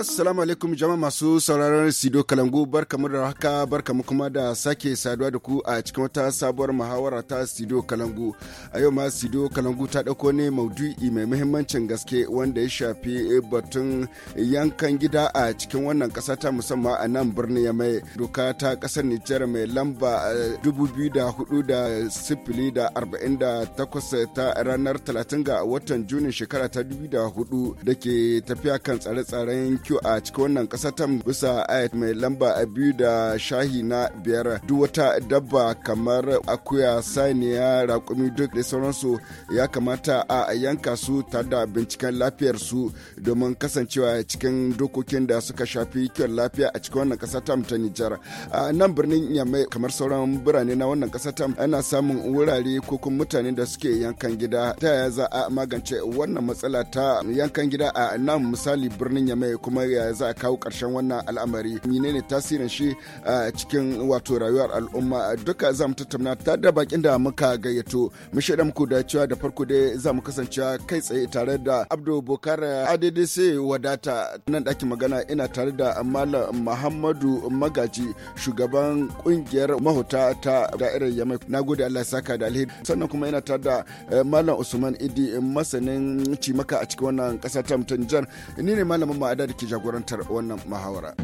Assalamu alaikum jama'a masu sauraron Sido Kalangu barkamu da haka barkamu kuma da sake saduwa da ku a cikin wata sabuwar muhawara ta Sido Kalangu. A yau ma Sido Kalangu ta ɗauko ne maudu'i mai muhimmancin gaske wanda ya shafi batun yankan gida a cikin wannan kasa ta musamman a nan birnin Yamai. Doka ta kasar Nijar mai lamba 2048 eh, ta ranar 30 ga watan Junin shekara ta 2004 da ke tafiya kan tsare-tsaren kiwo a cikin wannan ƙasa tam bisa ayat mai lamba a biyu da shahi na biyar duk wata dabba kamar akuya saniya rakumi duk da sauransu ya kamata a yanka su tare da binciken lafiyar su domin kasancewa cikin dokokin da suka shafi kiwon lafiya a cikin wannan ƙasa ta Nijar. A nan birnin Yamai kamar sauran birane na wannan ƙasa ana samun wurare ko kuma mutane da suke yankan gida ta yaya za a magance wannan matsala ta yankan gida a nan misali birnin Yamai kuma kuma ya za a kawo ƙarshen wannan al'amari menene tasirin shi a cikin wato rayuwar al'umma duka za mu tattauna ta da bakin da muka gayyato mu shaida muku da cewa da farko dai za mu kasance kai tsaye tare da Abdul Bukar ADDC wadata nan ɗakin magana ina tare da Malam Muhammadu Magaji shugaban kungiyar mahuta ta da'irar Yamai nagode Allah saka da alheri sannan kuma ina tare da eh, Malam Usman Idi masanin cimaka a cikin wannan ƙasa ta jan ni ne malamin ma'ada da ke jagorantar wannan mahawara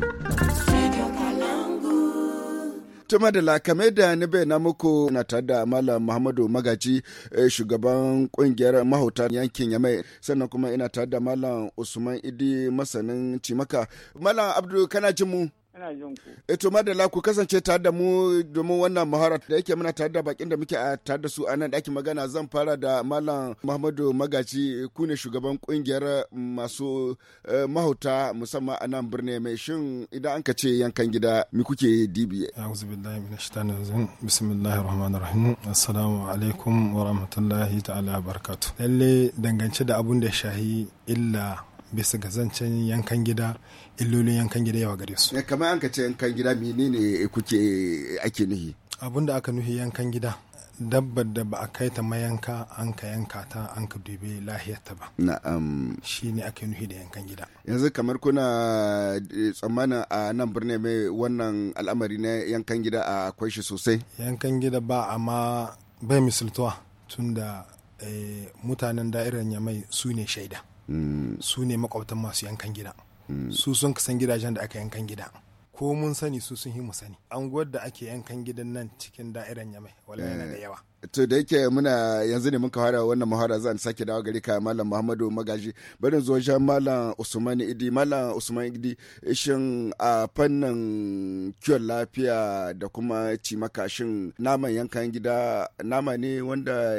Tuma da lakame da ni bayyana muku na tare da Malam Muhammadu Magaji eh, shugaban kungiyar mahauta yankin Yamai sannan kuma ina tare da Malam Usman Idi masanin Cimaka. Malam Abdul kana jin mu? Ina jin ku. E ku kasance tare da mu domin wannan muhara da yake muna tare da bakin da muke a tare da su a nan ɗakin magana zan fara da Malam Muhammadu Magaji ku ne shugaban kungiyar masu eh, mahauta musamman a nan birni mai shin idan an ka ce yankan gida mi kuke dibi. A'udhu billahi minash rajim. Bismillahir rahmanir rahim. Assalamu alaikum wa rahmatullahi ta'ala wa barakatuh. Lalle dangance da abun da shahi illa bisa ga zancen yankan gida illolin yankan gida yawa gare su eh, kamar an ka ce yankan gida menene kuke ake nuhi abin da aka nuhi yankan gida dabbar da ba a kai ta mayanka an ka yanka ta an ka dube lahiyarta ba na'am shi ne aka nuhi da yankan gida yanzu kamar kuna eh, tsammanin a nan birni mai wannan al'amari na yankan gida a akwai shi sosai yankan gida ba amma bai misaltuwa da eh, mutanen da'irar yamai su ne shaida mm. su ne makwabtan masu yankan gida su sun kusan gidajen da aka yankan gida ko mun sani su sun yi mu sani anguwar da ake yankan gidan nan cikin da'irar yamai wala yana da eh, yawa to da yake muna yanzu ne muka fara wannan muhara zan sake dawo gari ka malam muhammadu magaji barin zo wajen malam usman idi malam usman idi shin a fannin kiwon lafiya da kuma cimaka shin naman yankan gida nama ne wanda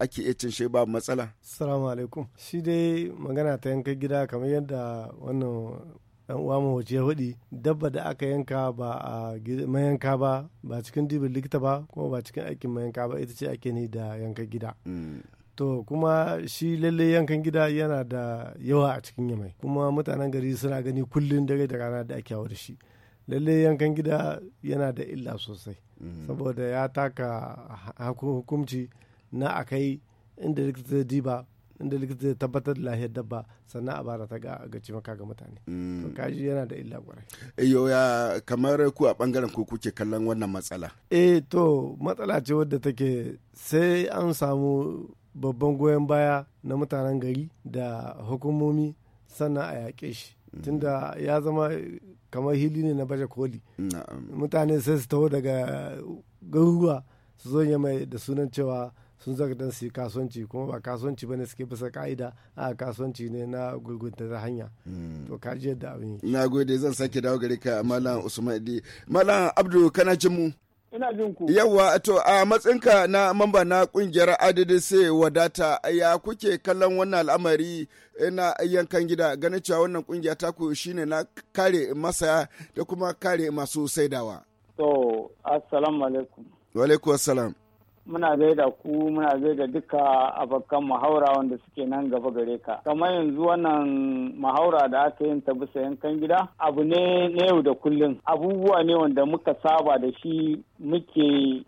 ake iya cin shi ba matsala assalamu alaikum shi dai magana ta yankan gida kamar yadda wannan yan uwa mu wace hudi dabba da aka yanka ba a mayanka ba ba cikin dibin likita ba kuma ba cikin aikin mayanka ba ita ce ake ni da yankan gida mm. to kuma shi lalle yankan gida yana da yawa a cikin yamai kuma mutanen gari suna gani kullum dare da rana da ake da shi lalle yankan gida yana da illa sosai mm. saboda ya taka hukumci na akai inda likita diba inda likita zai tabbatar da lahiyar dabba sannan a bara ta ga cimaka maka ga mutane mm. to kaji yana da illa kwarai iyo ya kamar ku a bangaren ku kuke kallon wannan matsala eh to matsala ce wadda take sai an samu babban goyon baya na mutanen gari da hukumomi sannan a yaƙe shi mm. tunda ya zama kamar hili ne na baje koli mutane sai su taho daga garuruwa su zo mai da sunan cewa sun zaka dan su yi kasuwanci kuma ba kasuwanci bane suke bisa ka'ida a kasuwanci ne na gurgunta ta hanya hmm. to ka ji yadda abin na gode zan sake dawo gare ka malam usman idi malam abdu kana jin mu ina jin ku yawa to a matsinka na mamba na kungiyar adadin wadata ya kuke kallon wannan al'amari na yankan gida ganin cewa wannan kungiya ku shine na kare masaya da kuma kare masu saidawa to assalamu alaikum wa alaikum assalam muna da ku muna da duka abokan mahaura wanda suke nan gaba gare ka kamar yanzu wannan mahaura da aka yin ta bisa yankan gida abu ne na yau da kullum abubuwa ne wanda muka saba da shi muke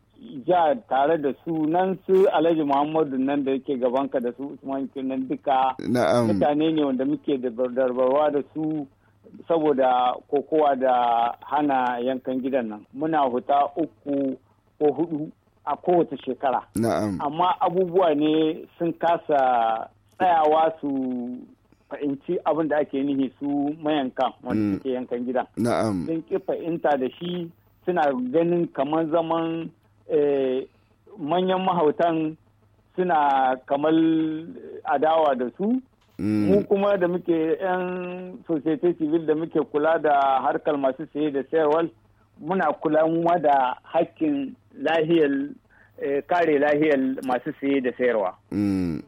ja tare da su nan su alhaji muhammadu nan da yake gabanka da su usman nan duka mutane ne wanda muke da darbarwa da su saboda kokowa da hana yankan gidan nan muna huta uku ko hudu a kowace shekara amma abubuwa ne sun kasa tsayawa su fahimci abin da ake nihi su mayankan wanda mm. suke yankan gidan sun ƙi fahimta da shi suna ganin kamar zaman eh, manyan mahautan suna kamar adawa da su mm. mu kuma da muke 'yan society civil da muke kula da harkar masu saye da sayarwar muna kula da hakkin lahiyar eh, kare lahiyar masu saye da sayarwa. Mm.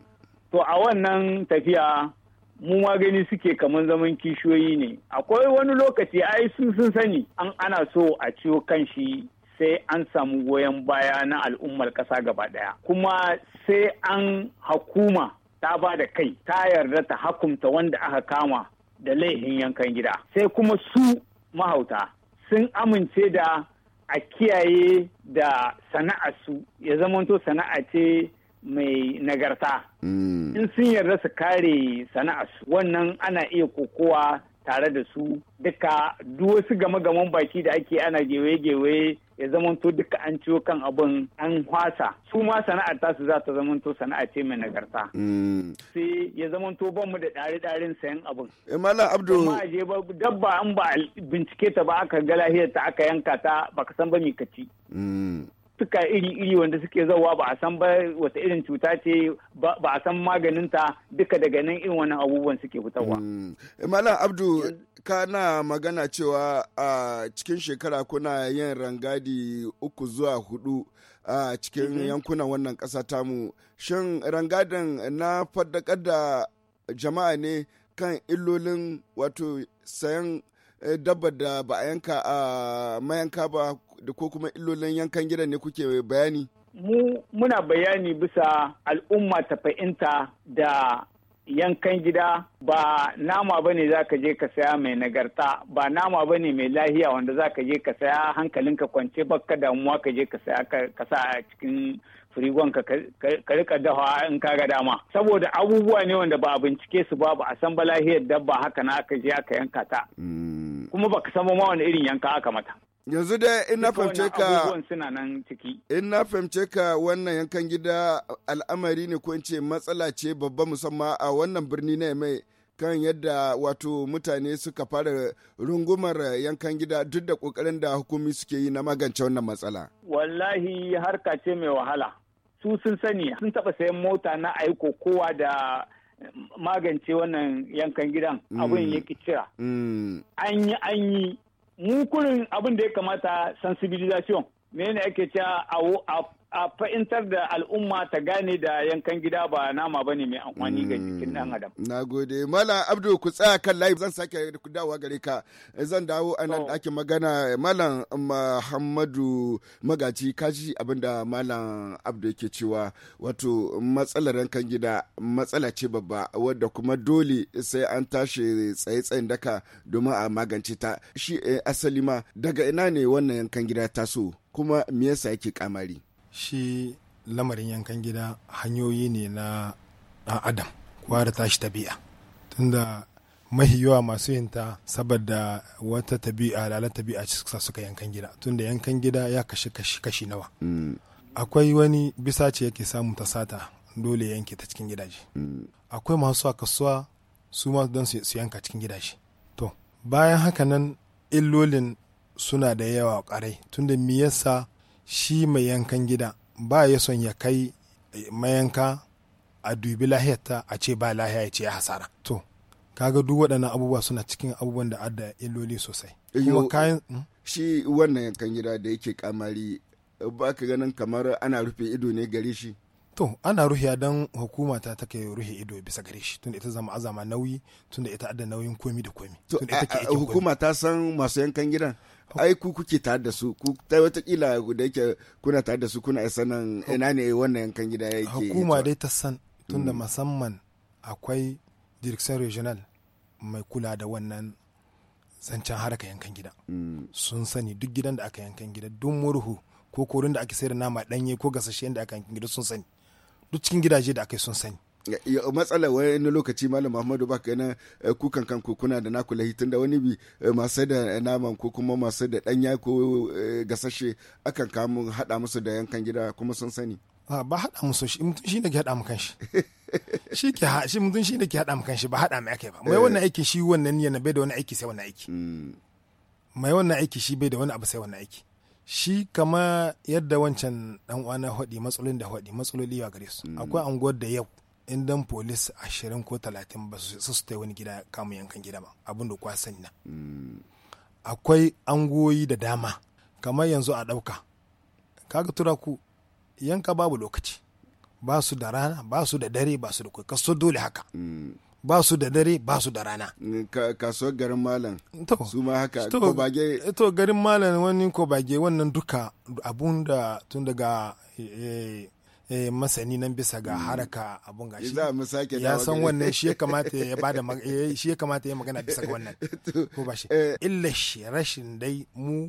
To a wannan tafiya mu ma gani suke kamar zaman kishiyoyi ne. Akwai wani lokaci ai sun sun sani an ana so a ciwo kan shi sai an samu goyon baya na al'ummar ƙasa gaba ɗaya. Kuma sai an hakuma ta ba da kai ta yarda ta hakumta wanda aka kama da laifin yankan gida. Sai kuma su mahauta sun amince da a kiyaye da su. ya zamanto sana'a ce mai nagarta. Mm. In sun yarda su kare su. wannan ana iya kokowa tare da su duka duk wasu game-gamen baki da ake ana gewe-gewe ya zamanto duka an ciwo kan abun an hwasa su ma sana'ar su za ta to sana'a ce mai nagarta mm. sai ya zamanto ban mu da ɗari ɗarin sayan abin. Eh, mala abdu dabba an ba bincike ta ba aka ga lahiyar ta aka yanka ta baka san ba mi kaci mm. suka iri-iri wanda suke zauwa ba a san ba wata irin cuta ce ba a san maganinta duka daga nan irin wannan abubuwan suke fitarwa. Mm. Eh, Malam Abdu ka na magana cewa a cikin shekara kuna yin rangadi uku zuwa hudu a cikin mm -hmm. yankunan wannan kasa tamu shin rangadin na faddakar da jama'a ne kan illolin wato sayan eh, dabba da ba a yanka a mayanka ba da ko kuma illolin yankan gida ne kuke bayani mu muna bayani bisa al'umma ta fahimta da yankan gida ba nama ba ne za ka je ka saya mai nagarta ba nama ba ne mai lahiya wanda za ka je ka saya hankalin ka kwance baka damuwa ka je ka saya ka sa a cikin firigon ka rika dawa in ka ga dama saboda abubuwa ne wanda ba a bincike su ba ba a san ba lahiyar dabba haka na aka je aka yanka ta mm. kuma ba ka san ma wani irin yanka aka mata yanzu dai in na fahimce ka in na fahimce ka wannan yankan gida al'amari ne ko in ce matsala ce babba musamman a wannan birni na mai kan yadda wato mutane suka fara rungumar yankan gida duk da kokarin da hukumi suke yi na magance wannan matsala wallahi harka ce mai wahala su sun sani sun taba sayan mota na aiko kowa da magance wannan yankan gidan abin mm. yake cira mm. an yi an yi mu kurin abin da ya kamata sensibilisation menene ake cewa a a fa'intar da al'umma ta gane da yankan gida ba nama bane mai amfani ga jikin dan adam mm, na gode malam abdu ku tsaya kan layi zan sake dawowa gare ka zan dawo a nan oh. ake magana malam muhammadu magaji kaji abinda malam abdu yake cewa wato matsalar yankan gida matsala ce babba wadda kuma dole sai an tashi tsaye-tsayen daka domin a magance ta shi eh, asali ma daga ina ne wannan yankan gida taso kuma me yasa yake kamari shi lamarin yankan gida hanyoyi ne na ɗan adam kowa da tashi tabi'a tunda mahi yawa masu yinta saboda wata tabi'a ala tabi'a suka suka yankan gida tunda yankan gida ya kashi kashi kashi nawa mm. akwai wani bisa ce yake samun ta sata dole yanke ta cikin gidaje mm. akwai masu a kasuwa su ma don su yanka cikin gidaje to bayan haka nan illolin suna da yawa ƙarai tunda me yasa shi mai yankan gida ba ya son ya kai mayanka a dubi lahiyarta a ce ba lahiya ya ce ya hasara to kaga duk waɗannan abubuwa suna cikin abubuwan da adda illoli sosai eh, kuma kayan eh, hmm? shi wannan yankan gida da yake kamari ba ka ganin kamar ana rufe ido ne gare shi to ana ruhiya don hukuma ta take ruhe ido bisa gare shi tunda ita zama azama nauyi tunda ita adda nauyin komi da komi ke hukuma ta san masu yankan gidan ai ku kuke tare da su ku ta watakila da yake kuna tare da su kuna isa nan ina ne wannan yankan gida yake hukuma dai ta san tunda mm. musamman akwai direction regional mai kula da wannan zancen haraka yankan gida mm. sun sani duk gidan da aka yankan gida duk murhu ko korin da ake sayar da nama danye ko gasashe da aka yankan gida sun sani duk cikin gidaje da aka yi sun sani matsala wani lokaci malam Muhammadu ba ka na eh, kukan kan kuna da naku lahi da wani bi eh, masu da naman ko kuma masu da danya ko eh, gasashe akan kamun hada musu da yankan gida kuma sun sani. ba haɗa musu shi mutum shi ne ke haɗa mukan kanshi shi ke ha shi mutum shi ne ke haɗa mukan kanshi ba haɗa mai ake ba mai wannan aiki shi wannan yana bai da wani aiki sai wannan aiki mm. mai wannan aiki shi bai da wani abu sai wannan aiki shi kama yadda wancan dan uwa na hodi matsalolin da hodi matsaloli ya gare su mm. akwai anguwar da yau in dan polis ashirin ko talatin ba su su wani gida kamun yankan gida ba abin da kwa sani na akwai angoyi da dama kamar yanzu a ɗauka kaga tura ku yanka babu lokaci ba su da rana ba su da dare ba su da kwai kaso dole haka ba su da dare ba su da rana kaso garin malam su ma haka ko bage to garin malam wani ko bage wannan duka abun da tun daga eh, eh, Eh, masani nan bisa ga mm. haraka abun gashi eh, ya san wannan shi ya kamata ya bada eh, shi ya kamata ya magana bisa ga wannan ko ba shi illa shi rashin dai mu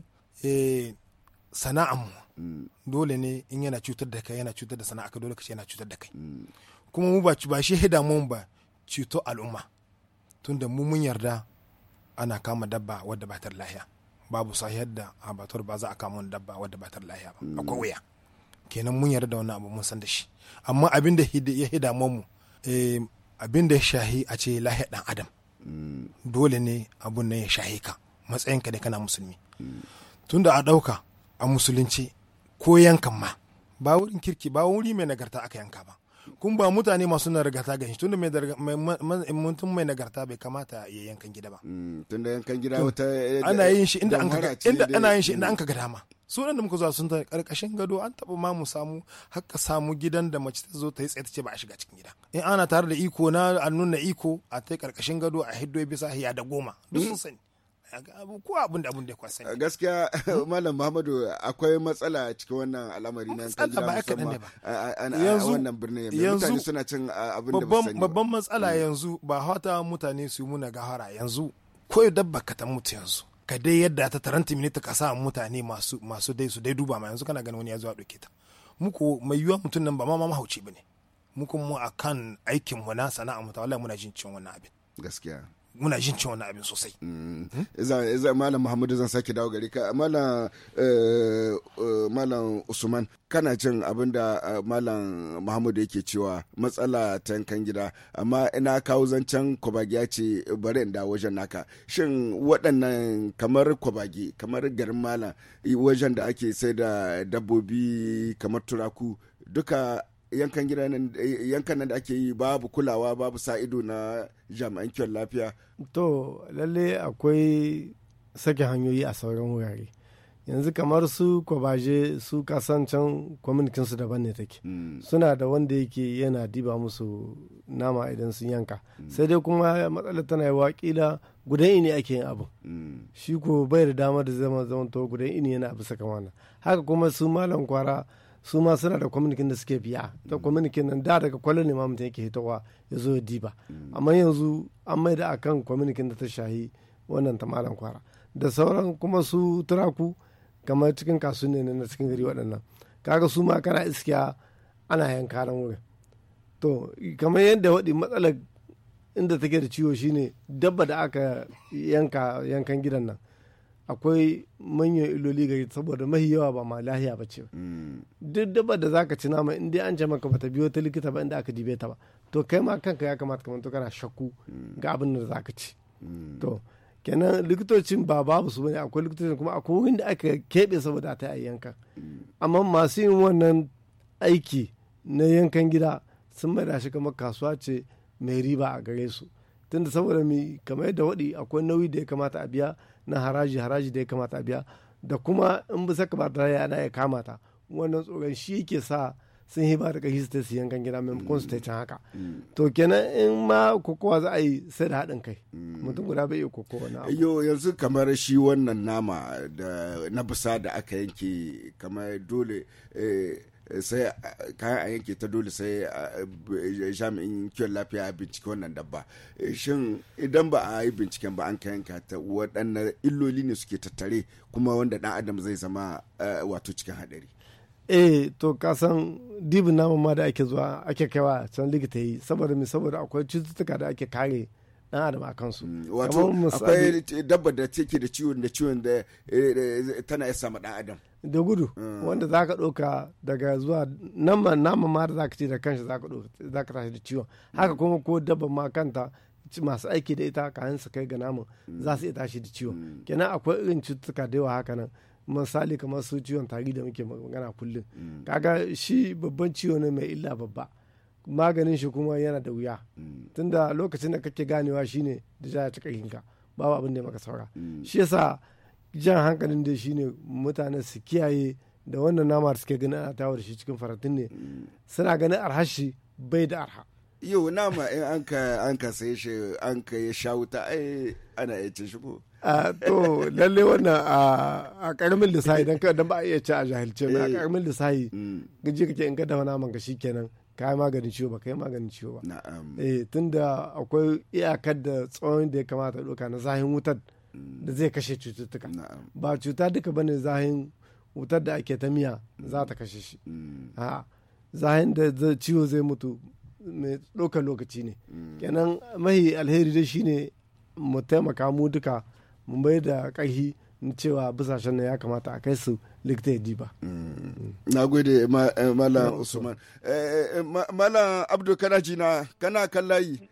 sana'an mu mm. dole ne in yana cutar da kai yana cutar da sana'a ka dole ka ce yana cutar da kai mm. kuma mu ba ba shi hida mu ba cuto al'umma tunda mu mun yarda ana kama dabba wadda ba ta lahiya babu sahiyar da abator ba za a kama dabba wadda ba ta lahiya ba akwai wuya kenan mun yarda da wani abu mun san da shi amma abin da ya hida mamu eh, abin da ya shahi a ce lahi dan adam dole ne abun nan ya shahi ka matsayin ka ne kana musulmi tunda a ɗauka a musulunci ko yankan ma ba wurin kirki ba wuri mai nagarta aka yanka ba kun ba mutane masu nagarta gan shi tunda mai mutum mai nagarta bai kamata ya yankan gida ba mm, tunda yankan gida wata eh, ana yin shi inda an ka inda ana yin shi inda mm. an ka dama su da muka zuwa sun ta karkashin gado an taba ma mu samu haka samu gidan da mace ta zo ta yi tsaye ta ce ba a shiga cikin gida in ana tare da iko na a nuna iko a ta karkashin gado a hiddo bisa hiya da goma duk sun mm. sani ko abin da abin da kwasan gaskiya hmm? malam muhammadu akwai matsala cikin wannan al'amari nan ta gida musamman a wannan birnin yanzu mutane suna cin abin da babban matsala hmm. yanzu ba hata mutane su muna gahara yanzu ko dabba ka ta mutu yanzu ka dai yadda ta taranta minita ka sa mutane masu masu dai su dai duba ma yanzu kana ganin wani ya zo a doke ta muku mai yiwuwa mutum nan ba ma mahauci ba ne mu kuma kan aikin mu na sana'a mu ta wallahi muna jin cin wannan abin gaskiya muna jin cewa wani abin sosai mm. Iza malam muhammadu zan sake dawo gari ka malam eh, eh, malam usman kana cin abin da eh, malam muhammadu yake cewa matsala ta yankan gida amma ina kawo zancen kwabagi ya ce bari in da wajen naka shin waɗannan kamar kwabagi kamar garin malam wajen da ake sai da dabbobi kamar turaku duka yankan gida yankan nan da ake yi babu kulawa babu sa ido na jami'an kiwon lafiya to lalle akwai sake hanyoyi a sauran wurare yanzu kamar su kwabaje su kasan kwamitin su daban ne take hmm. suna da wanda yake yana diba musu nama idan sun yanka hmm. sai dai kuma matsalar tana yi wakila gudan ini ake yin abu hmm. shi ko bai da dama da zama zaman to gudan ini yana bisa kamana haka kuma su malam kwara su ma suna da kwaminikin da suke biya da kwamitin nan da daga kwallon ne ma mutum yake hitowa ya zo ya diba amma yanzu an maida a kan kwamitin da ta shahi wannan ta malam kwara da sauran kuma su turaku kamar cikin kasuwa ne na cikin gari waɗannan kaga su ma kana iskiya ana yanka nan wurin to kamar yadda waɗi matsalar inda take da ciwo shine dabba da aka yanka yankan gidan nan akwai manyan iloli gari saboda mahi yawa ba ma lahiya ba ce mm. duk daba da zaka ci nama inda dai an ce maka bata biyo ta likita ba inda aka dibe ta ba to kai ma kanka ya kamata kamar to kana shakku mm. ga abin da zaka ci mm. to kenan likitocin ba babu su bane akwai likitocin kuma akwai wurin da aka keɓe saboda ta yi yankan amma masu yin wannan aiki na yankan gida sun da shi kamar kasuwa ce mai riba a gare su tunda saboda mi kamar yadda waɗi akwai nauyi da ya kamata a biya na haraji haraji da ya kamata a biya da kuma in bisa ka ba da yana ya kamata wannan tsoron shi yake sa sun hiba da kashi su ta siyan kan gida su ta can haka mm. Mm. to kenan in ma kokowa za a yi sai da haɗin kai mm. mutum guda bai iya kokowa na yau yanzu kamar shi wannan nama da na bisa da aka yanke kamar dole eh, sai kayan a yanke ta dole sai eh, jami'in kiwon lafiya ya bincike wannan dabba eh, shin idan ba a yi binciken ba an ka yanka ta waɗannan illoli ne suke tattare kuma wanda ɗan adam zai zama eh, wato cikin haɗari eh to ka san dibin namu ma da ake zuwa ake kaiwa can likita yi saboda mi saboda akwai cututtuka da ake kare dan adam a kansu mm, wato akwai dabba da take da ciwon da ciwon da eh, tana isa ma dan adam da gudu mm. wanda za ka ɗauka daga zuwa nan nama ma da za ka da kanshi za ka tashi da ciwon haka kuma ko dabba ma kanta masu aiki da ita ka su kai ga namun mm. za su iya tashi da ciwon kenan akwai irin cututtuka da yawa haka nan misali kamar su ciwon tari da muke magana kullum kaga shi babban ciwo ne mai illa babba maganin shi kuma yana da wuya mm. tunda lokacin da kake ganewa shine da ya ci ka babu abin da maka saura mm. shi yasa jan hankalin da shine mutane su kiyaye da wannan nama suke ganin ana tawo da shi cikin farantin ne mm. suna ganin arhashi bai da arha yau nama in an ka an ka sai shi an ka ya sha wuta ai ana iya cin shi ko a to lalle wannan a karamin lissahi dan ba a iya ci a jahilce a karamin eh. lissahi gaji kake in ka dafa naman ka shikenan ka yi maganin ciwo ba ka yi maganin ciwo ba na'am eh tunda akwai iyakar da tsawon da ya kamata ɗauka na zahin wutar mm. da zai kashe cututtuka ba cuta duka bane zahin wutar da ake ta miya za ta kashe shi ha mm. mm. zahin da ciwo zai mutu mai ɗaukar lokaci ne kenan mahi alheri shi shine mu taimaka mu duka mu bai da ƙarfi cewa busashen na ya kamata a kai su likita ya diba. Mm. na gode eh, malam usman eh, eh, malam abdul kana jina kana kallayi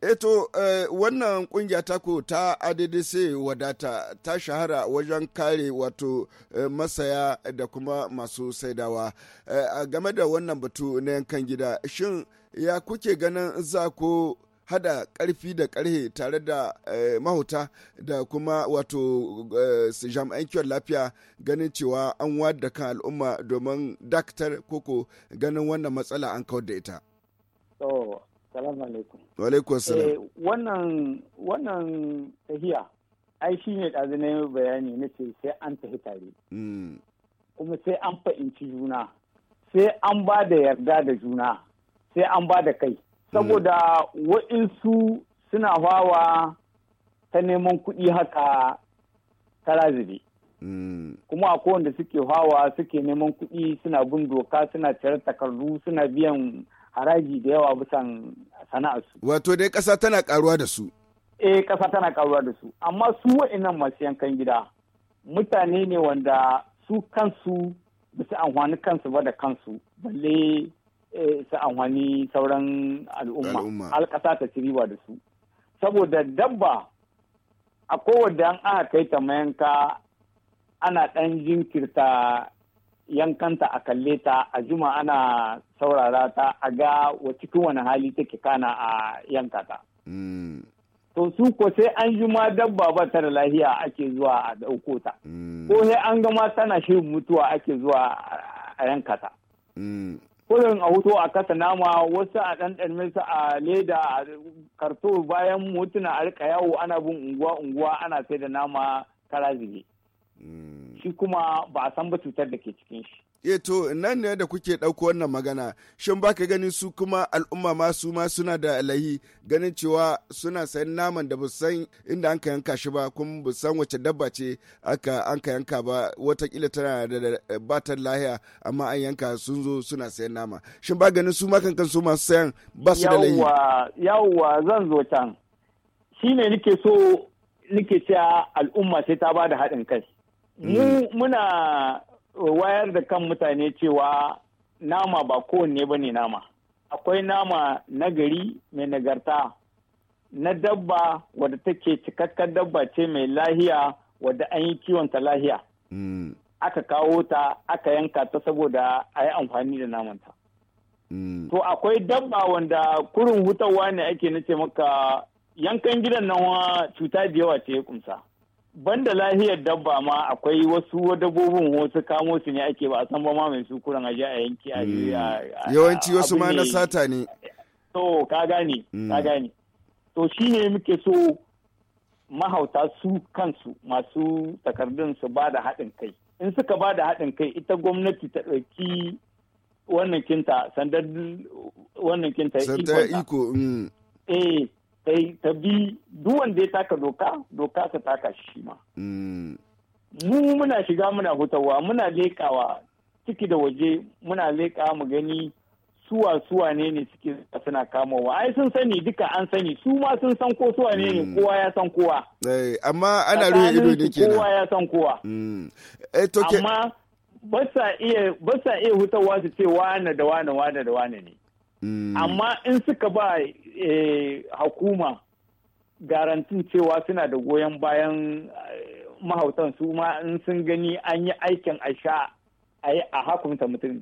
eto wannan kungiya tako ta addc wadata ta shahara wajen kare wato masaya da kuma masu saidawa game da wannan batu na yankan gida shin ya kuke ganin za ko hada karfi da karhe tare da eh, mahuta da kuma wato eh, jami'an kiwon lafiya ganin cewa an wada kan al'umma domin dakatar koko ganin wannan matsala an kawar da ita. oh alaikum. Wa salam. Eh, wannan wannan tahiya ai shi ne ɗazu na yi bayani na ce sai an tafi tare. Hmm. Kuma sai an fa'inci juna, sai an ba da yarda da juna, sai an ba da kai. saboda wa'insu suna hawa ta neman kuɗi haka taraziri mm. kuma a kowanda suke hawa suke neman kuɗi suna bin doka suna cire takardu suna biyan haraji da yawa bisan sana'arsu wato dai ƙasa tana ƙaruwa da su eh ƙasa tana ƙaruwa da su amma su wa'innan masu yankan gida mutane ne wanda su kansu ba amfani kansu ba da kansu balle Eh, su amfani sauran al'umma alƙasa ta ci riba da su saboda dabba a kowanne an aka kai ta mayanka ana ɗan jinkirta yankanta a kalle ta a juma ana saurara ta a ga wa cikin wani hali take kana a yanka ta. Mm. To su ko sai an juma dabba ba ta da lahiya ake zuwa a ɗauko ta. Mm. Ko sai an gama tana shirin mutuwa ake zuwa a yanka ta. Mm. kurin a huto a kasa nama wasu a ɗanɗan su a leda a karto bayan mutuna a rika yawo ana bin unguwa unguwa ana sai da nama kara hmm. shi kuma ba a san ba cutar da ke cikin shi e to nan ne da kuke ɗauko wannan magana shin baka ganin su kuma al'umma ma su ma suna da lahi ganin cewa suna sayan naman da san inda an ka yanka shi ba kuma bu san wace dabba ce aka an ka yanka ba watakila tana da batar lahiya amma an yanka sun zo suna sayan nama shin ba ganin su ma kankan su masu sayan ba su da lahi yawwa zan zo can shine nake so nake cewa al'umma sai ta ba da haɗin kai mm. mu muna wayar da kan mutane cewa nama ba kowanne ba ne nama akwai nama na gari mai nagarta na dabba wadda take cikakkar dabba ce mai lahiya wadda an yi kiwonta lahiya mm. aka kawo ta aka yanka ta saboda a yi amfani da namanta mm. to akwai dabba wanda kurin hutawa ne ake nace maka yankan gidan nan cuta da yawa ce ya kumsa banda lahiyar dabba ma akwai wasu dabbobin wasu kamo su ne ake ba a san ba ma mai su kuran aje a yanki a hmm. yawanci wasu ma na sata ne to ka gane hmm. ka gane to shine muke so mahauta su kansu masu takardun su ba da haɗin kai in suka ba da haɗin kai ita gwamnati ta ɗauki wannan kinta sandar wannan kinta iko hmm. eh Eh, ta bi duk wanda ya taka doka doka ta taka shi ma mm. mu muna shiga muna hutawa muna leƙawa ciki da waje muna leƙa mu gani suwa suwa ne ne suke suna kamowa ai sun sani duka an sani su ma sun san ko suwa ne ne mm. kowa ya san kowa eh, amma ana ruwa ido ne kenan kowa ya san kowa mm. eh, amma ba sa iya hutawa su ce wane da wane wane da wane ne Mm. amma in suka ba eh, hukuma garantin cewa suna da goyon bayan eh, mahautan su ma in sun gani an yi aikin a sha a hakunta mutum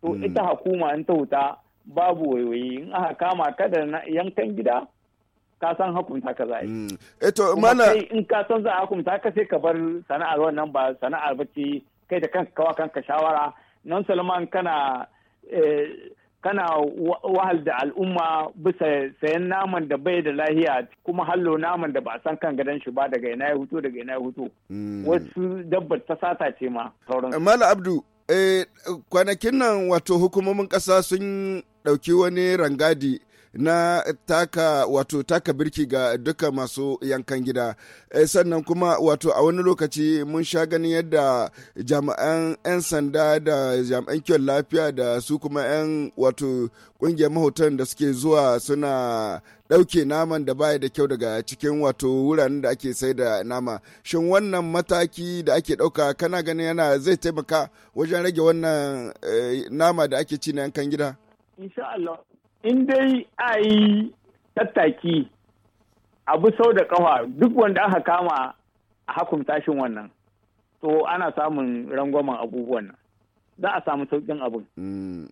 to mm. ita hukuma in ta wuta babu waiwayi in aka kama ka da yankan gida ka san hakunta ka zai mm. Eto eh, mana in ka san za a hakunta ka sai ka bar sana'ar wannan ba sana'ar ba ce kai da kanka kawa kanka shawara nan salman kana kana wahalda al'umma bisa sayan naman da bai da lahiya kuma hallo naman da ba a san kan gadon shi ba daga ina ya huto daga ina ya huto hmm. wasu dabbar ta sata ce ma sauran eh, mala abdu eh, kwanakin nan wato hukumomin kasa sun ɗauki wani rangadi na taka wato taka birki ga duka masu yankan gida eh, sannan kuma wato a wani lokaci mun sha ganin yadda jami'an 'yan sanda da jami'an kyau lafiya da su kuma 'yan wato kungiyar mahotan da suke zuwa suna ɗauke naman da baya da kyau daga cikin wato wuraren da ake sai da nama shin wannan mataki da ake ɗauka kana ganin yana zai taimaka wajen rage wannan eh, nama da ake ci na yankan gida insha in dai a yi tattaki abu sau da kafa duk wanda aka kama a hakun tashin wannan to ana samun rangwamen abubuwan nan za a samu sauƙin abin mm.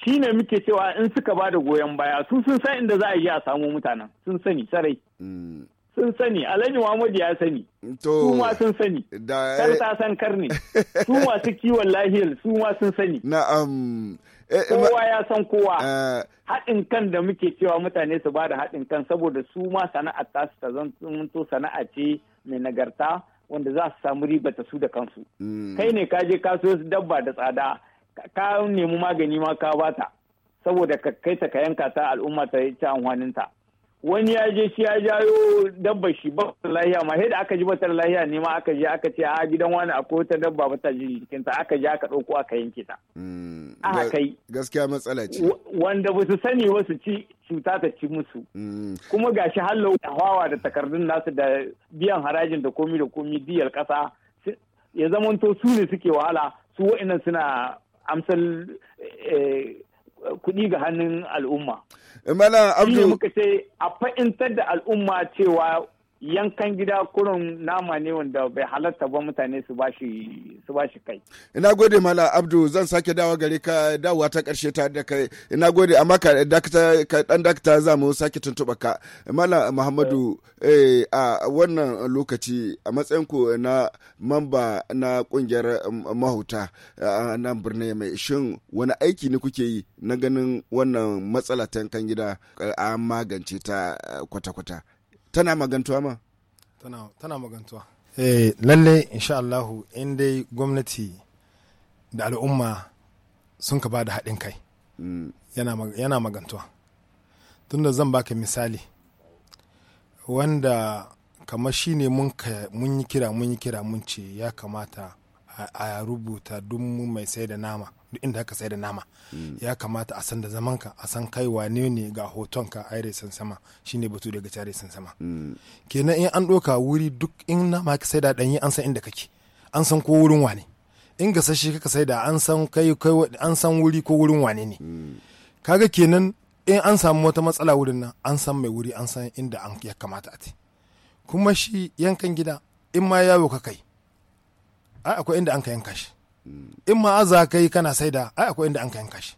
shi ne muke cewa in suka ba da goyon baya su sun san inda za a yi a samu mutanen sun sani sarai mm. sun sani alhaji muhammadu ya sani su ma sun sani kar ta san karni su masu kiwon lahiyar su ma sun sani na'am Eh, eh, kowa ya san kowa eh. haɗin kan da muke cewa mutane su ba da haɗin kan saboda su ma sana'ar ta su ta zanto sana'a ce mai nagarta wanda za su samu ta su da kansu mm. kai ne ka je kaso su dabba da tsada ka nemi magani ma ka bata saboda ka kai ta ka yanka ta al'umma ta yi ta amfaninta wani ya je shi ya jayo dabba shi ba lahiya ma da aka ji batar lahiya ne ma aka je aka ce a gidan wani akwai wata dabba bata ji jikinta aka je aka ɗauko aka yanke ta. Aka hmm, kai. Gaskiya matsala ce. Wanda ba su sani ba su ci cuta ta ci musu. Hmm. Kuma gashi hallau da hawa da takardun nasu da biyan harajin da komi da komi diyar ƙasa ya zamanto su ne suke wahala su wa'annan suna amsar eh, kuɗi ga hannun al'umma. Eh, Malam Abdu. muka ce a fa'intar da al'umma cewa yankan gida kurin nama ne wanda bai halatta ba mutane su bashi su kai ina gode mala abdu zan sake dawa gare ka dawa ta karshe ta da kai ina gode amma ka dakta ka dan dakta za mu sake tuntuba ka mala muhammadu eh, a wannan lokaci a matsayin ku na mamba na kungiyar um, mahuta na birnin mai shin wani aiki ne kuke yi na ganin wannan matsala ta yankan gida an magance ta kwata-kwata tana magantuwa ma tana, magantuwa eh, lalle insha allahu in dai gwamnati da al'umma sun ka bada haɗin kai mm. yana, magantuwa magantuwa tunda zan baka misali wanda kamar shi ne mun kira mun yi kira mun ce ya kamata a rubuta duk mai sai da nama duk inda aka sai da nama mm. ya kamata a san da zaman ka a san kai wane ne ga hoton ka aire san sama shine batu daga tare san sama mm. kenan in an doka wuri duk in nama ka sai da danyi an san inda kake an san ko wurin wane in ga sashi kaka sai da an san kai kai an san wuri ko wurin wane ne mm. kaga kenan in an samu wata matsala wurin nan an san mai wuri an san inda an ya kamata a ce kuma shi yankan gida in ma yawo ka kai ai akwai inda an ka yanka shi in ma aza ka yi kana saida ai akwai inda an ka yanka shi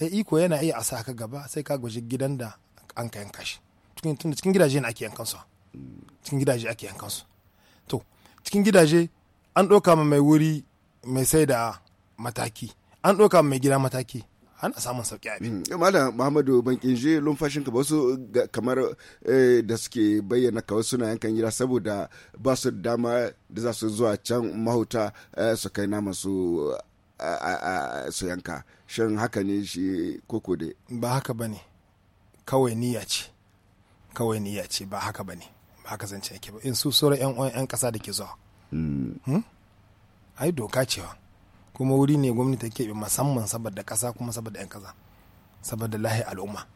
e iko yana iya asa ka gaba sai ka guji gidan da an ka yanka shi cikin cikin gidaje ne ake yankan su cikin gidaje ake yankan su to cikin gidaje an ɗauka ma mai wuri mai saida mataki an ɗauka ma mai gida mataki ana samun sauki abin. Mm, Mala Muhammadu Bankinje lumfashin ka wasu kamar eh, da suke bayyana ka wasu na yankan gida saboda ba su dama da za su zuwa can mahauta eh, su kai nama su su yanka. Shin haka ne shi koko dai? Ba haka ba ne. Kawai niyya ce. Kawai niyya ce ba haka ba ne. Ba haka zance yake ba. In su sauran 'yan 'yan ƙasa da ke zuwa. Mm. Hmm? Ai doka cewa. kuma wuri ne gwamnati ta keɓe musamman saboda ƙasa kuma saboda 'yan ƙasa saboda lahi al'umma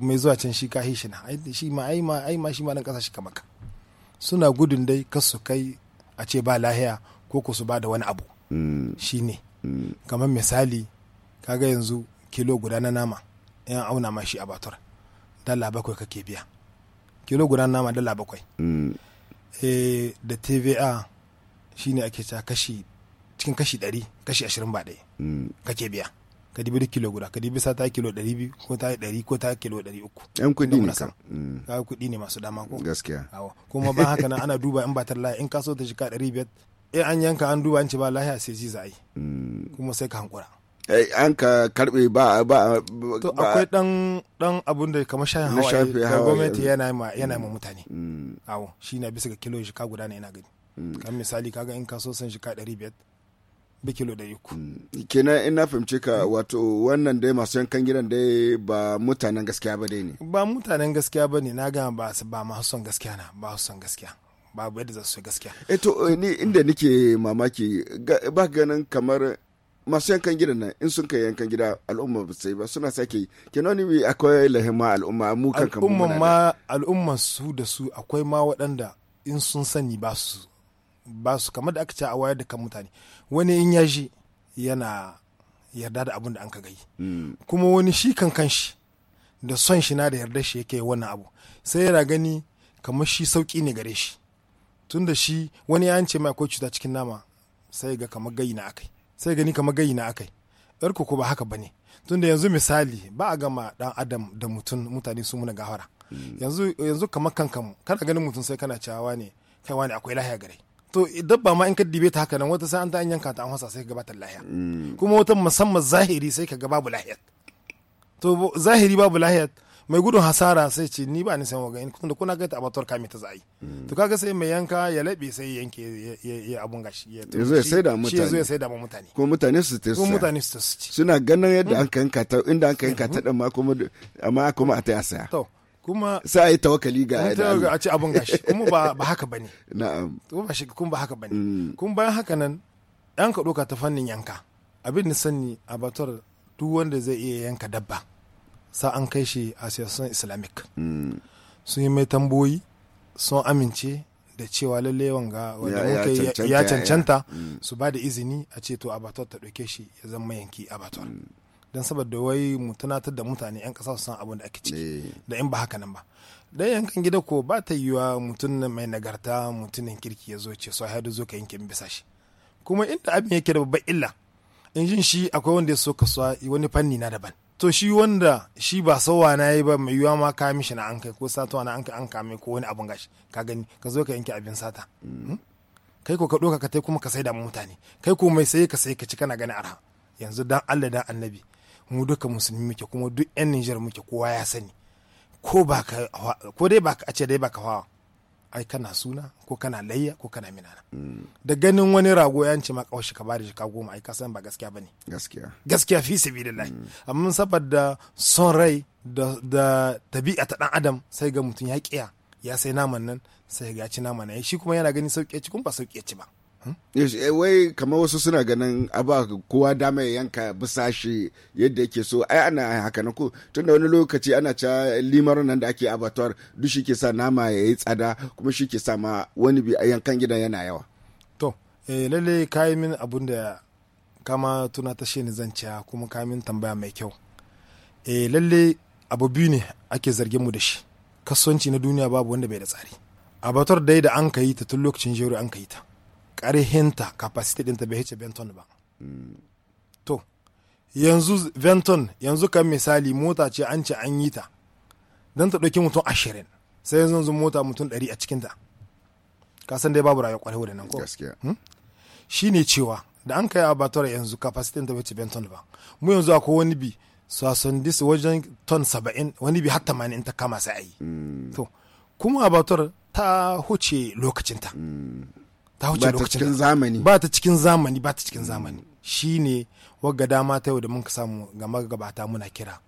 mai zuwa can shi kahi shi na shi ma ai ma ai ma shi ma dan ƙasa shi kamaka suna gudun dai ka su kai a ce ba lahiya ko ku su ba da wani abu mm. shi ne mm. kamar misali kaga yanzu kilo guda na nama yan auna ma shi a batur dala bakwai kake biya kilo guda na nama dala bakwai mm. eh, da tva shi ne ake ta kashi cikin kashi ɗari kashi ashirin ba ɗaya mm. kake biya ka dibi duk kilo guda ka dibi sa ta kilo ɗari biyu ko ta ɗari ko ta kilo ɗari uku. yan kuɗi ne kan mm. ka kuɗi ne masu dama ko gaskiya kuma ban haka nan ana duba in ba ta lahiya in ka so ta shiga ɗari biyar in an yanka an duba an ce ba lahiya sai ji za a yi mm. kuma sai ka hankura. Eh, an ka karbe ba ba to akwai dan dan abun da kamar shayin hawaye da gwamnati yana ma yana ma mutane awo shi na bisa ga kilo shi ka guda ne ina gani kan misali kaga in ka so san shi ka ɗari biyar bikilo da yuku. Mm. kenan in na fahimci ka wato wannan dai masu yankan gidan dai ba mutanen gaskiya ba dai ne ba mutanen gaskiya ba ne na gama ba ba masu son gaskiya na ba su son gaskiya ba bai da su gaskiya eto eh eh, ni inda nike mamaki ba ganin kamar masu yankan gidan nan in sun kai yankan gida al'umma ba sai ba suna sake kenan ni akwai lahima al'umma mu kan kan al'umma ma al'umma su da su akwai ma waɗanda in sun sani ba su ba su kamar da aka ce a wayar da kan mutane wani in ya ji yana yarda da abin da an ka gayi mm. kuma wani shi kan kanshi da son shi na da yarda shi yake wannan abu sai yana gani kamar shi sauki ne gare shi tun da shi wani ya ce mai akwai cuta cikin nama sai ga kamar gayi na akai sai gani kamar gayi na akai yar ko ba haka bane tun da yanzu misali ba a gama dan adam da mutum mutane su muna gahara mm. yanzu yanzu kamar kankan kana ganin mutum sai kana cewa ne kai wani akwai lahiya gare to dabba ma in ka dibe ta haka nan wata sai an ta an yanka ta an hasa sai ka gabatar lahiya mm. kuma wata musamman zahiri sai ka gaba babu lahiya to zahiri babu lahiya mai gudun hasara sai ce ni ba ni san waga in tunda kuna ga ta abatuwar kame ta zai mm. to kaga sai mai yanka ya labe sai yanke ya abun gashi ya zo ya sai da mutane shi ya sai da mutane kuma mutane su ta kuma mutane su ta suna ganin yadda mm. an ka yanka ta inda an yanka ta din mm-hmm. ma kuma amma kuma a ta saya to kuma sai a yi tawakali ga a ce abun gashi kuma ba haka bane na'am to ba shi kuma ba haka bane mm. kuma bayan haka nan dan ka doka ta fannin yanka abin da sani batar duk wanda zai iya yanka dabba sa an kai shi a siyasan islamic mm. sun yi mai tamboyi sun amince da cewa lalle wanga wanda muka ya cancanta mm. su ba da izini a ce to abator ta dauke shi ya zama yanki abator don saboda wai mu tunatar da mutane 'yan kasa su san abin da ake ciki eh. da in ba haka nan ba dan yankan gida ko ba ta yiwa mutum mai nagarta mutumin kirki ya zo ce so haidu zo ka yanke bisa shi kuma inda abin yake da babban illa in jin shi akwai wanda ya so kasuwa wani fanni na daban to shi wanda shi ba sauwa na yi ba mai yiwa ma ka mishi na an kai ko satuwa na an kai an kame ko wani abun gashi ka gani ka zo ka yanke abin sata mm. hmm? kai ko ka doka ka tai kuma ka sai da mutane kai ko mai sai ka sai ka ci kana gani arha yanzu dan Allah dan annabi mu duka musulmi muke kuma duk yan Nijar muke kowa ya sani ko ba ka ko dai ba a ce dai ba ka hawa ai kana suna ko kana layya ko kana minana da ganin wani rago ya ce ma kawashi ka bada shika goma ai ka san ba gaskiya bane gaskiya gaskiya fi sabilillah amma saboda son rai da da tabi'a ta dan adam sai ga mutum ya kiya ya sai naman nan sai ga ci naman nan shi kuma yana gani sauke ci kun ba sauke ci ba Eh, wai kamar wasu suna ganin aba kowa dama ya yanka bisa shi yadda yake so ai ana haka na ku tun da wani lokaci ana ca limar nan da ake abatuwar duk shi ke sa nama ya yi tsada kuma shi ke sa ma wani bi a yankan gidan yana yawa to eh, lalle kayi min abun da kama tuna ta shi ni zanciya kuma kayi min tambaya mai kyau eh, lalle abu biyu ne ake zargin mu da shi kasuwanci na duniya babu wanda bai da tsari abatuwar dai da an ka yi ta tun lokacin jeru an ka yi ta karhinta capacity ɗinta bai hice benton ba to yanzu benton yanzu kan misali mota ce an ce an yi ta don ta ɗauki mutum ashirin sai yanzu mota mutum ɗari a cikinta ka san dai babu rayuwar kwarewa da nan ko gaskiya hmm? shi ne cewa da an kai abator yanzu capacity ta bace benton ba mu yanzu akwai wani bi sason dis wajen ton saba'in wani bi har tamanin ta kama sai ayi hmm. to kuma abator ta huce lokacinta hmm. ta wuce lokacin zamani ba ta cikin zamani ba ta cikin zamani shine wagga dama ta yau da mun ka samu ga magabata muna kira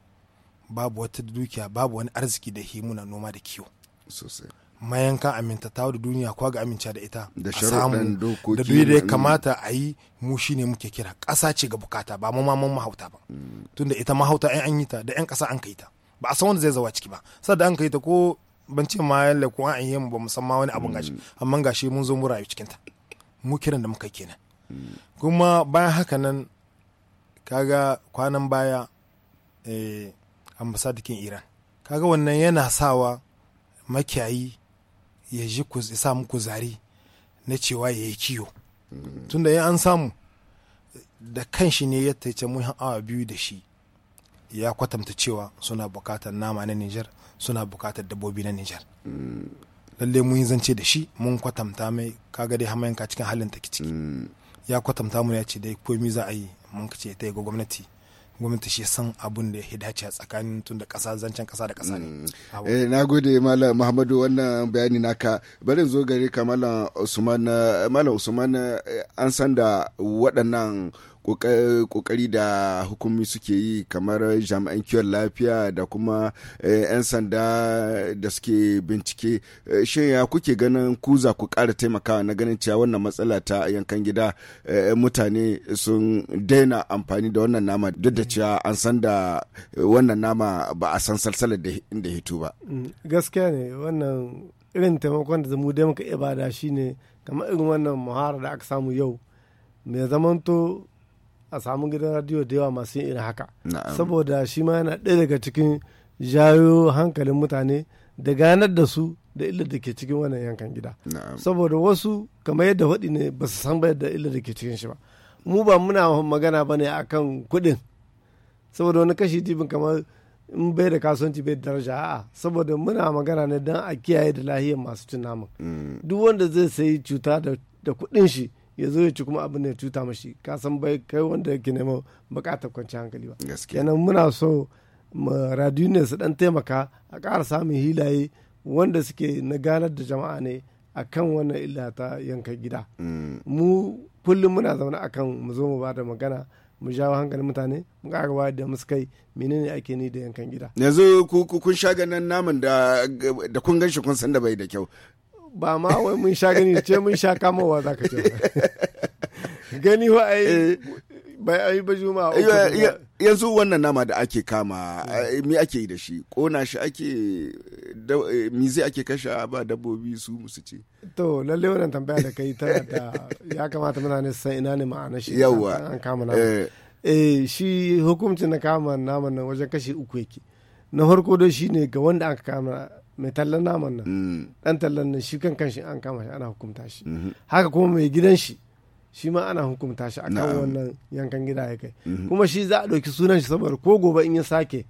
babu wata dukiya babu wani arziki da hi muna noma da kiwo sosai mayanka ta da duniya kwa ga amince da ita da samu da duniya da ya kamata a yi mu shine muke kira ƙasa ce ga bukata ba mu ma mun mahauta ba mm. tunda ita mahauta ai an yi ta da yan ƙasa an kai ta ba a san wanda zai zawa ciki ba sada an kai ta ko ban ce ma yalle ko an yi mu ba musamman wani abun gashi mm. amma gashi mun zo mu rayu cikin ta mu kiran da muka kenan kuma bayan haka nan kaga kwanan baya eh ambasadikin Iran kaga wannan yana sawa makiyayi ya ji ku sa muku zari na cewa ya yi kiyo mm. tunda ya an samu da kan shi ne ya taice muhin awa biyu da shi ya kwatanta cewa suna bukatar nama na Nijar suna bukatar dabbobi na Nijar. Lalle mun yi zance da shi mun kwatamta mai kaga dai hamayanka cikin halin take ciki. Ya kwatamta mu ya ce dai komi za a yi mun ce ta yi ga gwamnati. gwamnati shi san abun da ya dace a tsakanin tun da ƙasa zancen ƙasa da ƙasa ne. Mm. Eh, na gode malam muhammadu wannan bayani naka barin zo gare ka malam usman eh, malam usman eh, an san da waɗannan kokari da hukumi suke yi kamar jami'an kiwon lafiya da kuma 'yan eh, sanda da suke bincike eh, shin ya kuke ganin kuza ku kara taimakawa na ganin cewa wannan matsala ta yankan gida eh, mutane sun daina amfani da wannan nama duk da cewa an san da wannan nama ba a san salsalar da hito ba mm, gaskiya ne wannan irin taimakon da mu dai muka ibada shine kamar irin wannan muhara da aka samu yau mai zamanto a samu gidan radiyo da yawa masu yin irin haka saboda shi ma yana ɗaya daga cikin jayo hankalin mutane da ganar da su da illar da ke cikin wannan yankan gida saboda wasu kamar yadda faɗi ne ba su san ba yadda illar da ke cikin shi ba mu ba muna magana ba ne a kan kuɗin saboda wani kashi tibin kamar in bai da kasuwanci bai da daraja a'a saboda muna magana ne don a kiyaye da lahiyar masu cin mm. duk wanda zai sayi cuta da kuɗin shi ya zo ya ci kuma abin da ya cuta mashi ka san bai kai wanda yake neman bukatar kwanci hankali ba kenan muna so radiyo ne su dan taimaka a ƙara samun hilaye wanda suke na ganar da jama'a ne a kan wannan illa ta yanka gida mm. mu kullum muna zaune akan mu zo mu ba da magana mu jawo hankalin mutane mu karawa da musu kai menene ake ni da yankan gida yanzu kun sha ganin naman da kun gan shi kun san da bai da kyau ba ma wai mun sha gani ce mun sha wa za ka ce gani wa ai bai ai ba juma yanzu wannan nama da ake kama eh, me ake yi da shi kona shi ake eh, mi zai ake kashe ba dabbobi su musu ce to lalle wannan tambaya da kai tana da ya kamata ne san ina ne ma'ana shi yawa an kama nama eh. eh shi hukuncin na kama naman nan wajen kashe uku yake na farko da shi ne ga wanda aka kama mai tallan naman nan mm. dan tallan nan shi kan kanshi an kama shi ana hukunta shi mm-hmm. haka kuma mai gidan shi shi ma ana hukunta shi akan wannan yankan gida ya kai mm-hmm. kuma shi za a ɗauki sunan shi saboda ko gobe in ya sake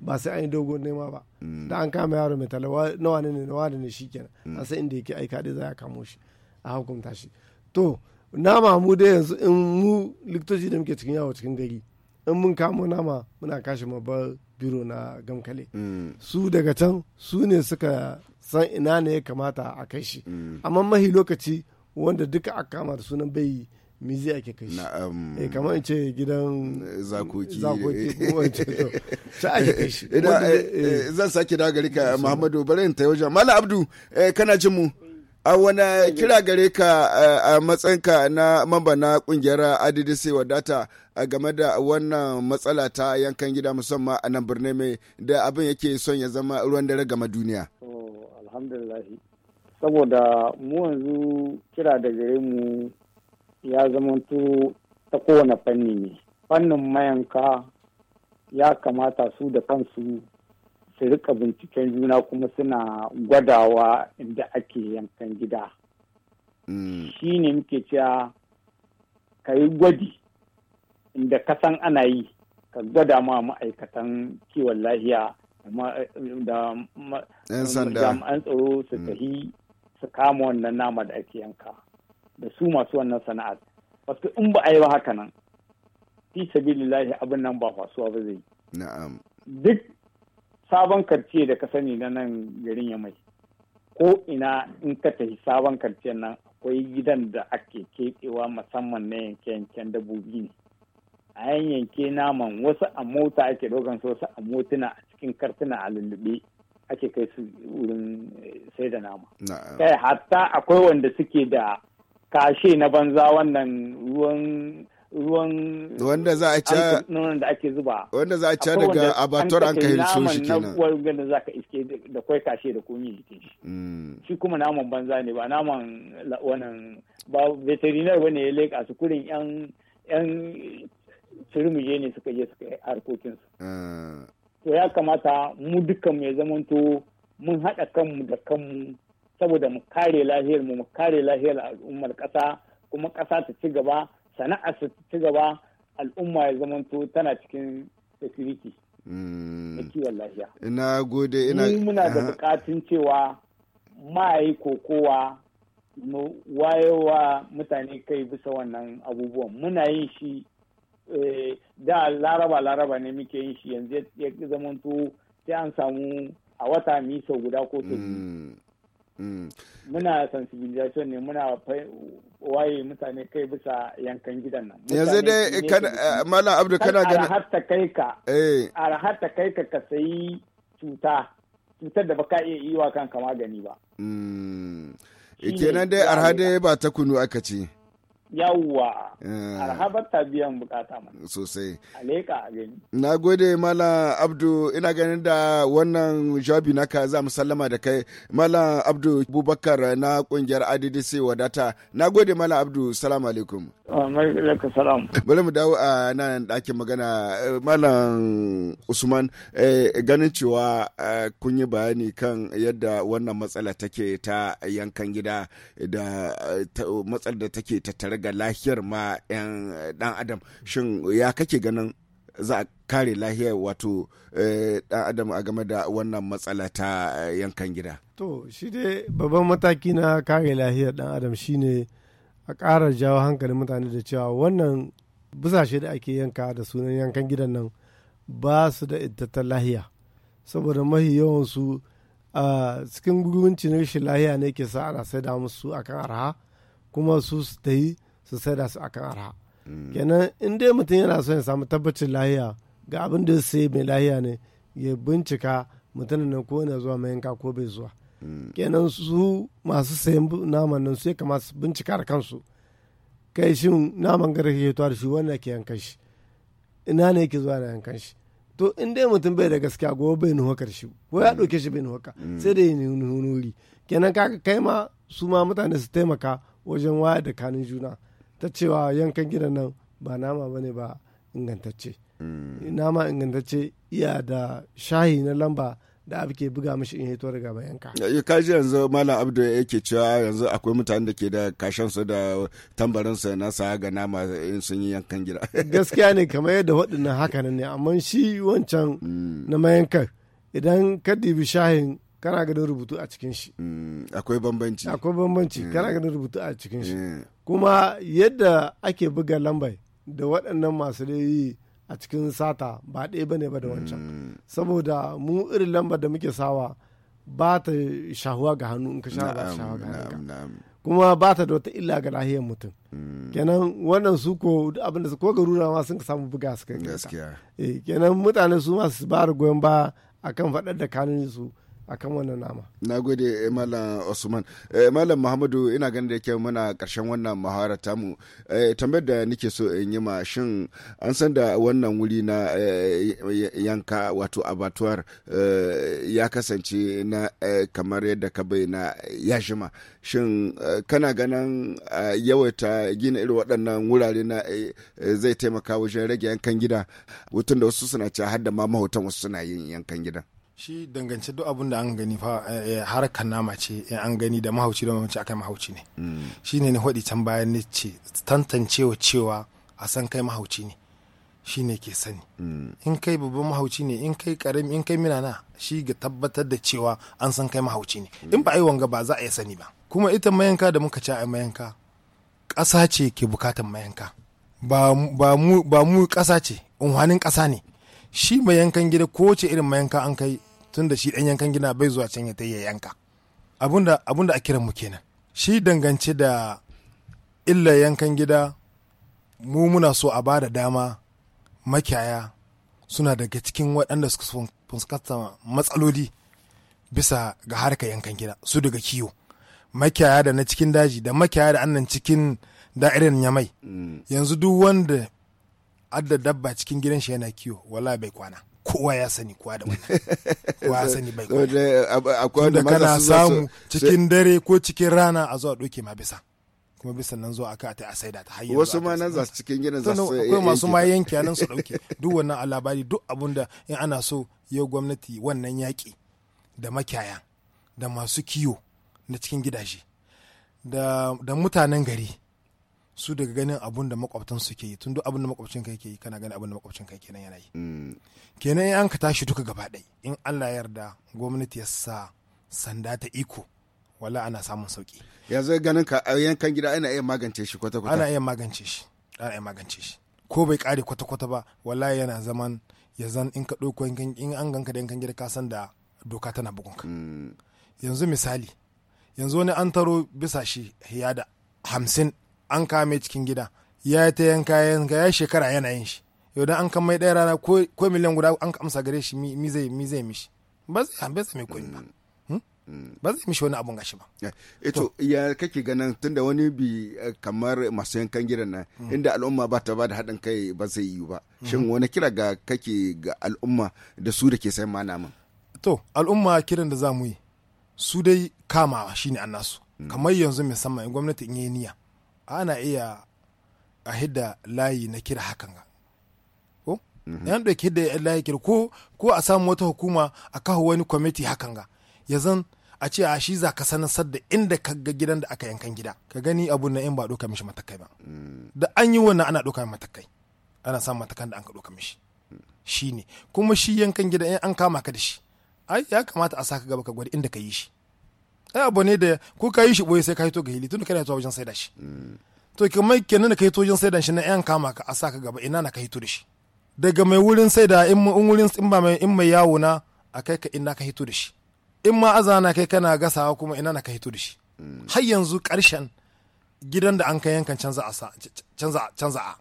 ba sai an yi dogon nema ba mm. da an kama yaro mai tallan na wani ne na wani ne shi kenan mm. a sai inda yake aika dai za a kamo shi a hukunta shi to nama mu dai yanzu in mu likitoci da muke cikin yawo cikin gari in mun kamo nama muna kashe mabar. biro na gamkale mm. su daga can su ne suka san ina ne ya kamata a kai shi mm. amma mahi lokaci wanda duka a kama da sunan bai me zai ake kai shi eh kamar in ce gidan zakoki zakoki ko ce to ta ake kai shi eh, eh, eh, zan sake dagari ka Muhammadu bari ta wajen Malam Abdu kana jin mu a wani kira gare ka eh, a ka na mamba na kungiyar adidc wadata a eh, game da wannan matsala ta yankan gida musamman a nan birni mai da abin yake son ya zama ruwan dare game duniya alhamdulillahi saboda mu yanzu kira da gare mu ya zamanto ta kowane fanni ne fannin mayanka ya kamata su da kansu su rika binciken juna kuma suna gwadawa inda ake yankan gida mm. shi ne muke cewa ka yi gwadi inda kasan ana yi ka gwada ma ma'aikatan kiwon lahiya da jami'an tsaro su mm. tafi su kama wannan nama da ake yanka da su masu wannan sana'ar wasu in ba a yi ba haka nan fi sabilillahi abin nan ba fasuwa ba zai yi. duk sabon karce da ka sani na nan garin ya mai ko ina in ka tafi sabon karce nan akwai gidan da ake keɓewa musamman na yanke-yanken dabobi ne a yan yanke naman wasu a mota ake ɗaukan su wasu a motuna a cikin kartuna a lullube ake kai su wurin eh, sai da nama kai eh, hatta akwai wanda suke da kashe na banza wannan ruwan ruwan wanda za a da ake zuba wanda za a ca daga abator an kai hilso shi kenan wanda da zaka iske da kwai kashe da komi jikin shi mm. shi kuma naman banza ne ba naman wannan ba veterinar bane ya leka su kurin yan yan turmije ne suka je suka harkokin su ah. to ya kamata mu dukkan mu ya zamanto mun haɗa kanmu da kanmu saboda mu kare lahiyar mu mu kare lahiyar al'ummar ƙasa kuma ƙasa ta ci gaba sana'ar su ci gaba al'umma ya zamanto tana cikin security da hmm. kiwon lafiya. Ina gode ina. Ni muna da bukatun cewa ma yi kokowa mu wayewa mutane kai bisa wannan abubuwan muna yin shi eh, da laraba laraba ne muke yin shi yanzu ya zamanto sai an samu a wata mi guda ko sau Mm. muna sensibilization ne muna waye mutane kai bisa yankan gidan nan yanzu dai malam abdu kana ganin har ta kai ka eh. ta kai ka ka sayi cuta cutar da baka iya yi wa kanka magani ba mm. kenan dai arha dai ba ta kunu aka ce yawwa eh. arhabar ta biyan bukata mana sosai aleka na gode mala abdu ina ganin da wannan na ka za mu sallama da kai mala abdu bubakar na kungiyar addc wadata na gode mala abdu salamu alaikum bari mu dawo a nan ɗakin magana eh, malam usman eh, ganin cewa kun yi bayani kan yadda wannan matsala take ta yankan gida da matsalar da take tattare ga lahiyar ma 'yan eh, dan adam shin ya kake ganin za a kare lahiyar wato eh, dan adam a game da wannan matsala ta eh, yankan gida to shi dai babban mataki na kare lahiyar dan adam shine a ƙara jawo hankalin mutane da cewa wannan busashe da ake yanka da sunan yankan gidan nan ba su da ittattar lahiya saboda mahi yawansu a cikin gurgunci na rashin lahiya ne ke sa ana sai da musu akan arha kuma su su ta yi su saida su akan arha mm. kenan in dai mutum yana son ya samu tabbacin lahiya ga abin da sai mai lahiya ne ya bincika mutumin nan ko yana zuwa mayanka ko bai zuwa mm. kenan su masu sayan naman nan su ya kamata su bincika da kansu kai shi naman gare ke da shi wanda ke yankan shi ina ne ke zuwa na yankan shi to in dai mutum bai da gaskiya gobe bai nuhu shi ko ya mm. ɗauke shi bai nuhu ka sai dai nuhu nuri kenan kaka kai ma su ma mutane su taimaka wajen waya da kanin juna ta cewa yankan gidan nan ba nama bane ba ingantacce mm. nama ingantacce iya da shahi na lamba da abu ke buga mashi in hito daga bayanka. ka eh, kaji yanzu malam abdu yake cewa yanzu akwai mutane da ke da kashansu da tambarinsa na sa ga nama in sun yi yankan gida gaskiya ne kamar yadda waɗannan haka ne amma shi wancan mm. na mayankar idan ka dibi shahin kana ganin rubutu a cikin shi mm, akwai bambanci akwai bambanci mm. kana ganin rubutu a cikin shi mm. kuma yadda ake buga lambai da waɗannan masu yi a cikin sata ba ɗaya bane ba da wancan saboda mu irin lambar da muke sawa ba ta shahuwa ga hannu in ka sha ba shahuwa ga hannu kuma ba ta da wata illa ga lahiyar mutum kenan wannan su ko abinda su ko garura ma sun samu buga su kai gaskiya eh, kenan mutane su ma su ba da goyon ba akan faɗar da kanin su kan wannan nama. Na gode eh, Malam Osman. Eh, Malam Muhammadu ina ganin da yake muna karshen wannan muhawara tamu. Eh, tambayar da nake so in yi ma shin an san da wannan wuri na yanka wato abatuwar ya kasance na kamar yadda ka bayyana ya shima. Shin kana ganin yawaita gina irin waɗannan wurare na zai taimaka wajen rage yankan gida. Wutun da wasu suna ci har da ma mahotan wasu suna yin yankan gida. shi dangance duk abun da an gani fa eh, eh, harkar nama ce eh, an gani da mahauci da mahauci akai mahauci ne mm. shi ne hudi can bayan ne ce tantancewa cewa a san kai mahauci ne shi ne ke sani mm. in kai babban mahauci ne in kai karami in kai minana shi ga tabbatar da cewa an san kai mahauci ne mm. in ba ai wanga ba za a yi sani ba kuma ita mayanka da muka ci a mayanka ƙasa ce ke bukatan mayanka ba mu ƙasa ce unhwanin ƙasa ne shi mayankan gida ko ce irin mayanka an kai tun da shi ɗan yankan gina bai zuwa can ya ta yanka abunda abunda a kiran mu kenan shi dangance da illa yankan gida mu muna so a ba da dama makiyaya suna daga cikin waɗanda suka fuskanta matsaloli bisa ga harkar yankan gida su daga kiwo makiyaya da na cikin daji da makiyaya da annan cikin da'irin yamai mm. yanzu duk wanda adda dabba cikin gidan shi yana kiwo wala bai kwana kowa ya sani kowa da wannan kowa ya sani bai kowa da kana samu cikin dare ko cikin rana a zuwa doke ma bisa kuma bisa nan zuwa aka ta a saida ta hanyar wasu ma nan za su cikin gidan za su yi akwai masu ma yanke nan su dauke duk wannan a labari duk abunda in ana so yau gwamnati wannan yaƙi da makiyaya da masu kiwo na cikin gidaje da, da mutanen gari su daga ganin abun da makwabtan su ke yi tun duk abun da makwabcin kai ke yi kana ganin abun da makwabcin kai kenan yana yi mm. kenan in an ka tashi duka gaba ɗai in allah yarda gwamnati ya sa sanda ta iko wala ana samun sauki yanzu ganin ka yankan gida ana iya magance shi kwata-kwata ana iya magance shi ana iya magance shi ko bai kare kwata-kwata ba wala yana zaman ya zan in ka ɗauko in an ganka da yankan gida ka san da doka tana bugun ka. Mm. yanzu misali yanzu wani an taro bisa shi ya da hamsin an kame cikin gida ya ta yanka yanka ya shekara yana yin shi yau dan an kan mai ɗaya rana ko miliyan guda an amsa gare shi mi zai mi zai mishi ba zai ba zai mai koyi ba mm, hmm? mm. ba zai mishi wani abun gashi ba. Eto eh ya kake ganin tunda wani bi eh, kamar masu yankan gidan nan hmm. inda al'umma ba ta ba da haɗin kai ba zai yi ba. Hmm. Shin wani kira ga kake ga al'umma da su da ke sayan ma naman? To al'umma kiran da za mu yi su dai kamawa shine an nasu. Kamar yanzu musamman gwamnati in yi niyya ana iya a hidda layi na kira hakan Mm-hmm. yan ɗauki da layakir ko ko a samu wata hukuma a kawo wani kwamiti hakan ga ya zan a ce a shi za ka sanasar da inda ka ga gidan da aka yankan gida ka gani abu na in ba ɗauka mishi matakai ba mm. da an yi wannan ana ɗauka matakai ana samun matakan da an ka ɗauka mishi shi ne kuma shi yankan gida in an kama ka da shi ai ya kamata a saka gaba ka gwada inda ka yi shi ai abu ne da ko ka yi shi boye sai ka hito ga hili tun kana zuwa wajen saida shi mm. to kamar kenan da ka hito wajen saida shi na yan kama ka a saka gaba ina na ka hito da shi daga mai wurin sai da in wurin in ba mai in mai yawo na a kai ka ina ka hito da shi in ma azana kai kana gasawa kuma ina na ka hito da shi har yanzu karshen gidan da an kai yankan canza a canza canza a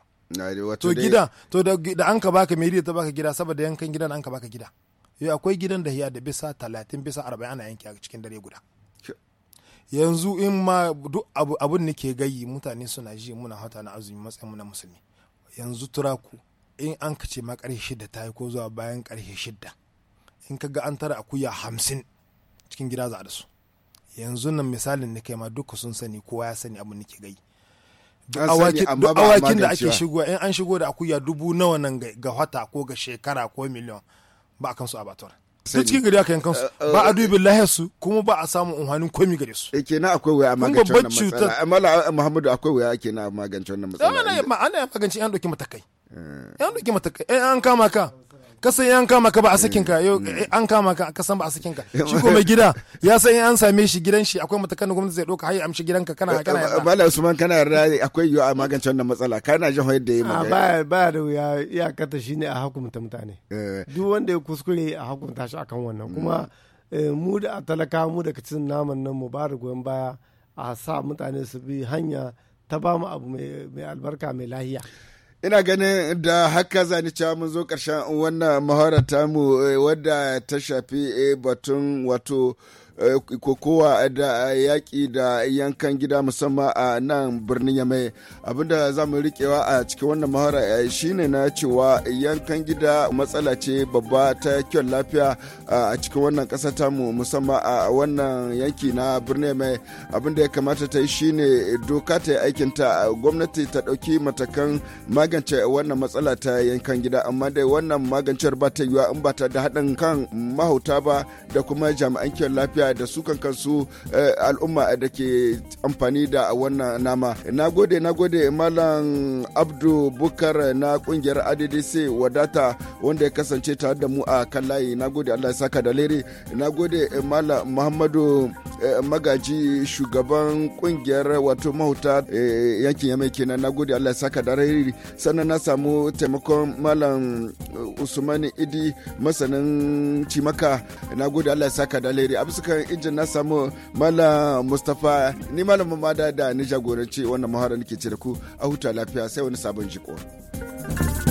to gida to da an ka baka mai ta baka gida saboda yankan gidan an ka baka gida yau akwai gidan da hiya da bisa talatin bisa arba'in ana yanki a cikin dare guda yanzu in ma duk abun nake gayi mutane suna ji muna hata na azumi matsayin mu na musulmi yanzu turaku in an ka ce ma ƙarshe shidda ta yi ko zuwa bayan ƙarshe shidda in ka ga an tara akuya hamsin cikin gida za a da su yanzu nan misalin nake ma duka sun sani kowa ya sani abu nake gai duk awakin da ake shigo in an shigo da akuya dubu nawa nan ga wata ko ga shekara ko miliyan ba a kansu abatuwar batuwar sai cikin gari aka yankan su eh, eh, ba a eh, dubi lahiyar kuma ba a samu unhanin komi gare su ake na akwai waya a magance wannan matsala amma Muhammadu akwai waya ake a magance wannan matsala ana magance yan doki matakai yan eh, rike mata eh, an kama ka kasan yan kama ka ba a sakin ka yau eh. an kama ka kasan ba a sakin ka shi ko mai gida ya san an same shi gidan shi akwai mata da gwamnati zai doka hayi amshi gidan ka kana kana bala usman kana yarda akwai yiwa a magance wannan matsala kana jin hoyar da yayi magana ah, ba ba da wuya iyakar shi shine a hukumta mutane duk wanda ya kuskure a hukumta shi akan wannan mm. kuma mu da talaka mu da cin naman nan mu ba da goyon baya a sa mutane su bi hanya ta ba mu abu mai albarka mai lahiya ina ganin da haka zani cewa mun zo ƙarshen wannan mahaurata tamu eh, wadda ta shafi eh, batun wato Eh, kokowa da eh, yaƙi da yankan gida musamman a nan birnin yamai abinda za mu riƙewa a cikin wannan mahara eh, shine na cewa yankan gida matsala ce babba ta kyan lafiya a cikin wannan ƙasa tamu musamman a wannan yanki na birnin mai abinda ya kamata ta yi shine doka ta yi aikinta gwamnati ta ɗauki matakan magance wannan matsala ta yankan gida amma dai wannan magancewar ba ta yiwuwa in ba ta da haɗin kan mahauta ba da kuma jami'an kyan lafiya da su kansu eh, al'umma da ke amfani da wannan nama na gode na gode malam abdu bukar na kungiyar addc wadata wanda ya kasance tare da mu a kan layi na gode allah ya saka da lere na gode eh, malam muhammadu eh, magaji shugaban kungiyar wato mahuta yankin yamai kenan na gode allah ya saka da lere sannan na samu taimakon malam usmani idi masanin cimaka na gode allah ya saka da lere a bisa kan injin na samu mala Mustapha ni mala Mamada da ni jagoranci wannan mahara nake ce da ku a huta lafiya sai wani sabon jiko. thank you